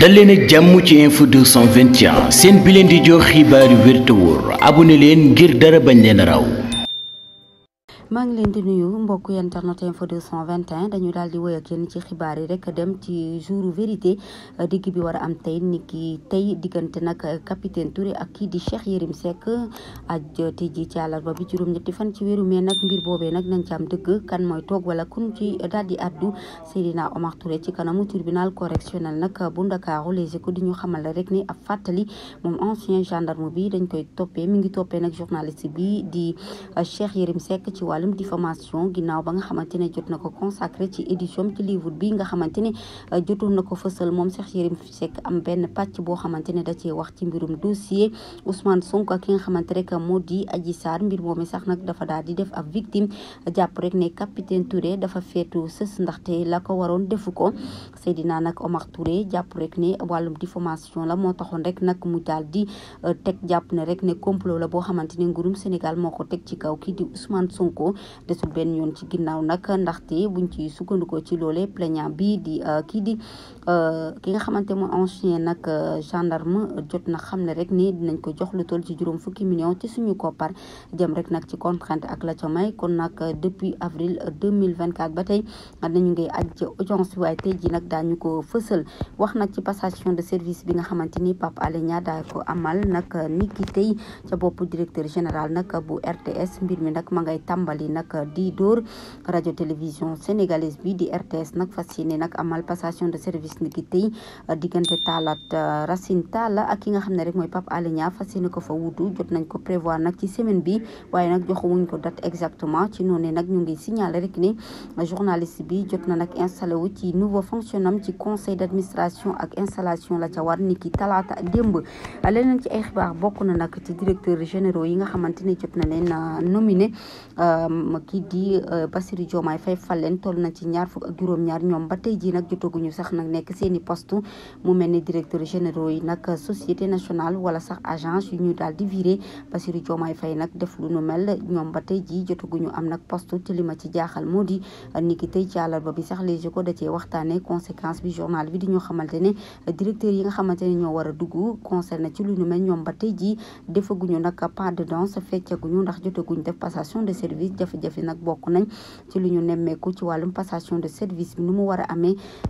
dal leen ak jàmm ci info 221 seen bi leen di jox xibaaru yu abu te leen ngir dara bañ leen raw maa ngi leen di nuyu mbokk internet info 221 dañu daal di wéy ak yéen ci xibaar yi rek dem ci jour vérité digg bi war a am tey nit ki tey diggante nag capitaine Touré ak kii di Cheikh Yérim Seck aj tey ji ci àllarba bi juróom-ñetti fan ci wéeru mai nag mbir boobee nag nañ ci am dëgg kan mooy toog wala kun ci daal di addu Seydina Omar Touré ci kanamu tribunal correctionnel nag bu Ndakaaru Les Échos di ñu xamal rek ni ab fàttali moom ancien gendarme bi dañ koy toppee mi ngi toppee nag journaliste bi di Cheikh Yérim Seck ci wàllum diffamation ginnaaw ba nga xamante ne jot na ko consacré ci édition ci livre bi nga xamante ne euh, jotoon na ko fësal moom Cheikh Yérim Seck am benn pàcc boo xamante ne da cee wax ci mbirum dossier Ousmane Sonko ki nga xamante rek moo di Adji Sarr mbir moomee sax nag dafa daal di def ab victime jàpp rek ne capitaine Touré dafa feetu sës ndaxte la ko waroon defu ko Seydina nag Omar Touré jàpp rek ne wàllum diffamation la moo taxoon rek nag mu daal di euh, teg jàpp ne rek ne complot la boo xamante ne nguurum Sénégal moo ko teg ci kaw kii boobu desul benn yoon ci ginnaaw nag ndaxte buñ ci sukkandikoo ci loole plaignant bi di euh, kii di Euh, ki nga xamante mooy ancien nag euh, gendarme euh, jot na xam ne rek nii dinañ ko jox lu toll ci juróom fukki million ci suñu koppar jëm rek nag ci contrainte ak la ca may kon nag depuis avril 2024 ba tey nañu ah, ngay aj ci audience bi waaye tey ji nag daañu ko fësal wax nag ci passation de service bi nga xamante ni Pape Alé Niang daa ko amal nag ni ki tey ca boppu directeur général nag bu RTS mbir mi nag ma ngay tàmbali nag di dóor radio télévision sénégalaise bi di RTS nag fas yéene nag amal passation de service bis ni ki tey diggante taalaat euh, Racine Talla ak ki nga xam ne rek mooy Pape Alé Niang fas ko fa wutu jot nañ ko prévoir nag ci semaine bi waaye nag joxuwuñ ko date exactement ci noonu nag ñu ngi signaler rek ni journaliste bi jot na nag installé wu ci nouveau fonctionnement ci conseil d' administration ak installation la ca war ki talaata démb leneen ci ay xibaar bokk na nag ci directeur généraux yi nga xamante ne jot na leen euh, nominé euh, kii di Bassirou Diomaye Faye fal leen toll na ci ñaar fukk juróom-ñaar ñoom ba tey jii nag jotaguñu sax nag nekk nekk seeni post mu mel ni directeur généraux yi nag société nationale wala sax agence yu ñu daal di viré Bassirou Diomaye Faye nag def lu nu mel ñoom ba tey jii jotaguñu am nag poste te li ma ci jaaxal moo di ni ki tey ci àllarba bi sax Les Échos da cee waxtaane conséquence bi journal bi di ñu xamante ne directeur yi nga xamante ne ñoo war a dugg concerné ci lu nu mel ñoom ba tey jii defaguñu nag pas de danse ndax jotaguñu def passation de service jafe nag bokk nañ ci lu nemmeeku ci wàllum passation de service bi nu mu war a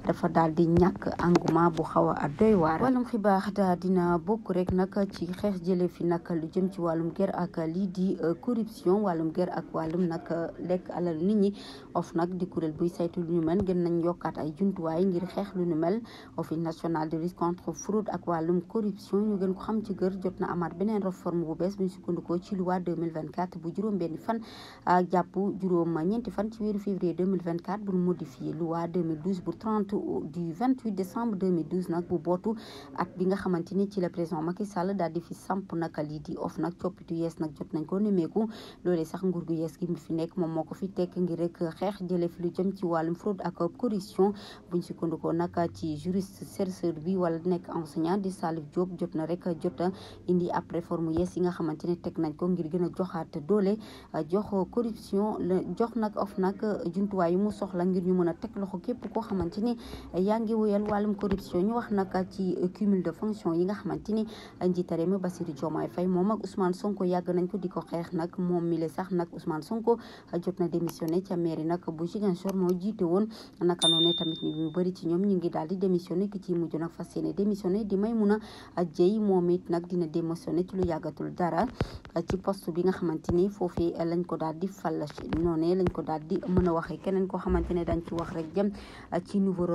dafa daal ñàkk engouement bu xaw a doy waar wàllum xibaar da dina bokk rek nag ci xeex jële fi nag lu jëm ci wàllum ger ak lii di euh, corruption wàllum ger ak wàllum nag euh, lekk alal nit ñi of nag di kuréel buy saytu lu ñu mel gën nañ yokkaat ay jumtuwaay ngir xeex lu nu mel office national de lutte contre fraude ak wàllum corruption ñu gën ko xam ci gër jot na amaat beneen réforme bu bees bu ñu sukkandikoo ci loi 2024 bu juróom benn fan ak jàpp juróom ñeenti fan ci weeru février 2024 bu modifié loi 2012 28 décembre 2012 nag bu bootu at bi nga xamante ni ci la président Macky Sall daal di fi samp naka lii di of nag coppitu yees nag jot nañ koo nemeeku loolee sax nguur gu yees gi mu fi nekk moom moo ko fi tekk ngir rek xeex jële fi lu jëm ci wàllum fraude ak corruption buñ sukkandikoo nag ci juriste chercheur bi wala nekk enseignant di Salif Diop jot na rek jot a indi après réforme yees yi nga xamante ne teg nañ ko ngir gën a joxaat doole jox corruption jox nag of nag jumtuwaay yu mu soxla ngir ñu mën a teg loxo képp koo xamante ni wuyal wàllum corruption ñu wax nag ci cumul de fonction yi nga xamante ni njiitu réew mi Bassirou Diomaye Faye moom ak Ousmane Sonko yàgg nañ ko di ko xeex nag moom mi le sax nag Ousmane Sonko jot na démissionné ca mairie nag bu Ziguinchor moo di démissionné ki ci mujj moom it nag dina démissionné ci lu yàggatul dara ci poste bi nga xamante ni foofii lañ ko daal di fal noonee lañ ko daal di mën a waxee keneen koo xamante ne dañ ci wax rek jëm ci nouveau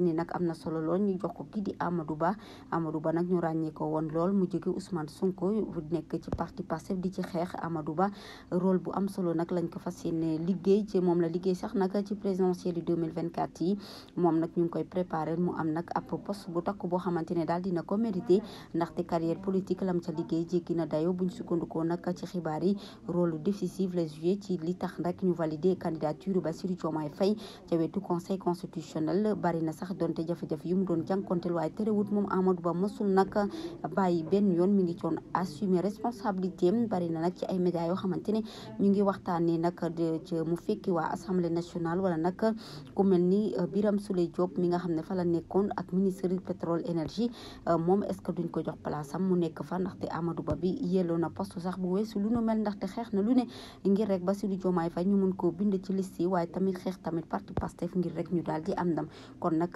ni nag am na solo lool ñu jox ko kii di amadu Ba amadu Ba nag ñu ràññee ko woon lool mu jóge Ousmane Sonko bu nekk ci parti Pastef di ci xeex amadu Ba rôle bu am solo nag lañ ko fas yéene liggéey ci moom la liggéey sax nag ci présidentielle yi 2024 yi moom nag ñu ngi koy préparé mu am nag ab post bu takk boo xamante ne daal dina ko mérité ndaxte carrière politique lam ca liggéey jéggi na dayo buñ sukkandikoo nag ci xibaar yi rôle décisif la joué ci li tax nag ñu valider candidature Bassirou Diomaye Faye ca wetu conseil constitutionnel bari na sax donte jafe-jafe yu mu doon jànkonteel waaye terewut moom Amadou Ba mësul nag bàyyi benn yoon mi ngi coon assumer responsabilité bari na nag ci ay médias yoo xamante ne ñu ngi waxtaanee nag mu fekki waa assemblée nationale wala nag ku mel ni euh, biram Souleye Diop mi nga xam ne fa la nekkoon ak ministre pétrole énergie euh, moom est-ce que duñ ko jox place am mu nekk fa ndaxte Amadou Ba bi yelloo na poste sax bu weesu lu nu mel ndaxte xeex na lu ne ngir rek Bassirou Diomaye Faye ñu mun koo bind ci liste yi waaye tamit xeex tamit parti Pastef ngir rek ñu daal di am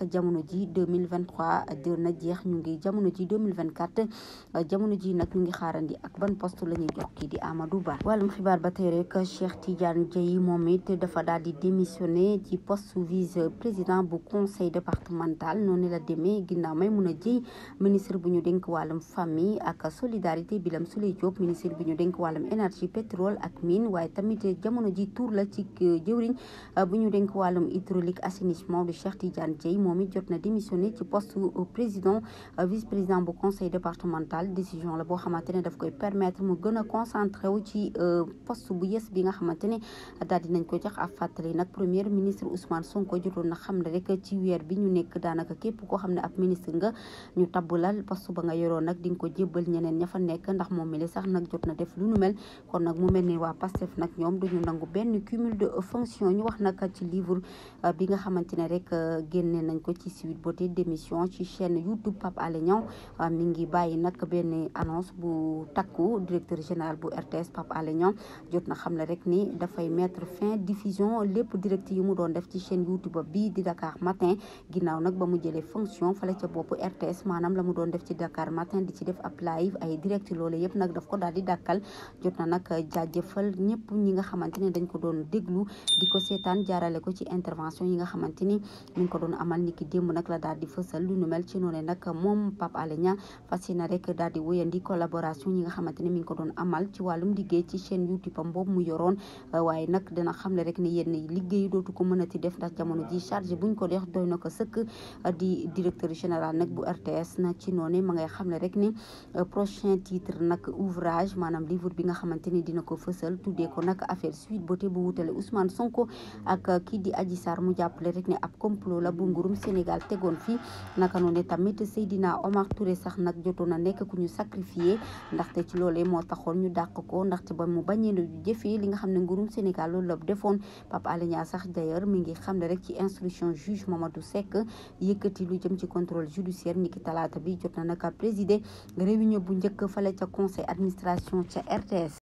nag jamono ji 2023 dër na jeex jamono ji 2024 jamono ji nag ñu ngi xaarandi ak ban poste la ñuy jox kii di Amadou Ba wàllum xibaar ba tey rek Cheikh Tidiane Dieye moom dafa daal di démissionné ci poste vice président bu conseil départemental noonu la demee ginnaaw Maimouna Dieye ministre bu ñu dénk wàllum famille ak solidarité Birame Souleye ministre bu ñu dénk wàllum énergie pétrole ak mine waaye tamit jamono ji tuur la ci jëwriñ bu ñu dénk wàllum hydraulique assainissement bu moom jot na démissionné ci poste président vice-président bu conseil départemental décision la boo xamante ne daf koy permettre mu gën a concentré wu ci euh, post bu yes bi nga xamante ne daal dinañ ko jax ab fàttali nag premier ministre Ousmane Sonko jotoon na xam ne rek ci weer bi ñu nekk daanaka képp koo xam ne ab ministre nga ñu lal post ba nga yoroon nag di nga ko jébbal ñeneen ña fa nekk ndax moom mel li sax nag jot na def lu nu mel kon nag mu mel ni waa Pastef nag ñoom duñu nangu benn cumul de fonction ñu wax nag ci livre euh, bi nga xamante ne rek euh, génne nañ ko ci suite beauté démission ci chaîne YouTube Pape Alé Niang mi ngi bàyyi nag benn annonce bu takku directeur général bu RTS Pape Alé jot na xam ne rek ni dafay mettre fin diffusion lépp direct yi mu doon def ci chaîne YouTube bii di Dakar Matin ginnaaw nag ba mu jëlee fonction fale ca bopp RTS maanaam la mu doon def ci Dakar Matin di ci def ab ay direct loolu yëpp nag daf ko daal di dàkkal jot na nag jaajëfal ñëpp ñi nga xamante ne dañ ko doon déglu di ko seetaan jaarale ko ci intervention yi nga xamante ki démb nag la daal di fësal lu nu mel ci noonu nag moom Pape Alé Niang fas rek daal di wéyandi collaboration ñi nga xamante ne mi ngi ko doon amal ci wàllum liggéey ci chaîne YouTube am boobu mu yoroon waaye nag xam ne rek ne yéen liggéey dootu ko mënati def ndax jamono ji chargé buñ ko def doy na ko sëkk di directeur général nag bu RTS na ci noonu ma ngay xam ne rek ne prochain titre nag ouvrage maanaam livre bi nga xamante ni dina ko fësal tuddee ko nag affaire Sweet Beauté bu wutale Ousmane Sonko ak kii di Adji Sarr mu jàppale rek ne ab complot la bu ngurum Sénégal tegoon fi naka ne tamit Seydina Omar Touré sax nag jotoon na nekk ku ñu sacrifié ndaxte ci loolee moo taxoon ñu dàq ko ndaxte ba mu bañee na jëfee li nga xam ne nguurum Sénégal loolu la defoon Pape Alé Niang sax d'ailleurs mi ngi xam ne rek ci instruction juge Mamadou Seck yëkkati lu jëm ci contrôle judiciaire niki talaata bi jot na naka présider réunion bu njëkk fale ca conseil administration ca RTS